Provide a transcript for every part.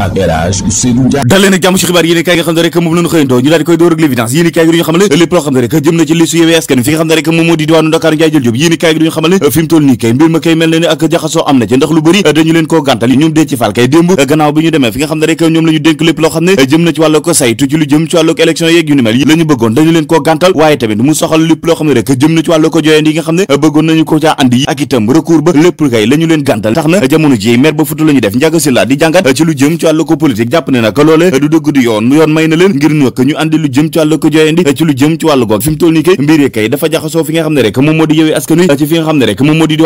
ak El Hadj Ousseynou Ndiaye dal leen ak jàmm ci xibaar yéen kaay nga xam ne rek moom lañu xëyandoo ñu daal di koy door ak l'évidence yéen kaay gi duñu xamal lépp loo xam ne rek jëm ne ci ndax leen koo gàntal na ci wàllu ko saytu ci lu jëm ci wàllu ko élection yeeg yu ni mel la bëggoon dañu leen koo gàntal waaye tamit mu soxal lépp loo xam ne rek jëm na ci wàllu ko joyeen yi nga xam ne bëggoon nañu ko caa andi ak itam recours ba lépp kay la leen gàntal tax na jamono ji maire ba futu la def njàgg ci ko politique jàpp ne nag loole du dëgg du yoon yoon may na leen ngir nak ñu àndi lu jëm ci wàllu ko joyandi ci nii kay mbir yi kay dafa jaxasoo fi nga xam ne rek moom moo di yëwee askan moom moo di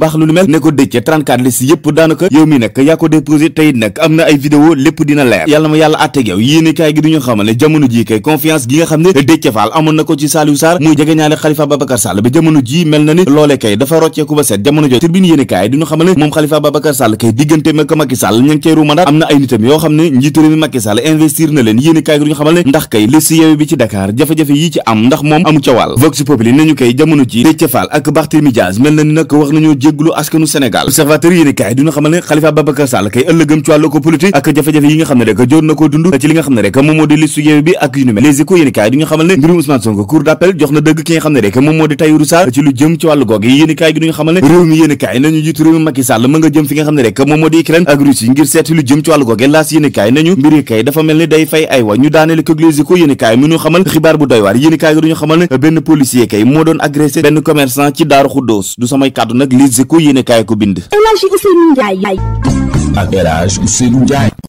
baax lu lu mel ne ko Déthié 34 journaliste yëpp daanaka yow mi nag yaa ko déposé tey nag am na ay vidéo lépp dina leer yàlla ma yàlla àtteeg yow yéene kaay gi duñu xamal ne jamono ji kay duñu xamal ne moom Khalifa Babacar Sall kay diggante ma ko Macky Sall ña ngi cay am na ay nitam yoo xam ne njiitu mi Macky Sall investir na leen yéene kaay gi duñu xamal ne ndax kay liste Yewwi bi ci Dakar jafe-jafe yi ci am ndax moom amu ca wàll Vox Populi nañu kay jamono ji Déthié ak Barthélémy yéene kaay xamal ne Khalifa Ababacar kay ëllëgëm ci wàllu ko politique ak jafe-jafe yi nga xam ne rek joon di listu bi ak yu ni mel les rek moom di Tahirou Sarr ci lu jëm ci wàllu googu yi kay dafa mel wa ñu daaneel ko les échos yéene kaay mu ñu xamal xibaar bu doy waar yéene kaay gi du xamal ne benn policier kay moo doon agressé benn commerçant ci Daaru Xuddoos du samay kàddu nag les échos yéene ko bind Ousseynou Ndiaye ak El Hadj Ousseynou Ndiaye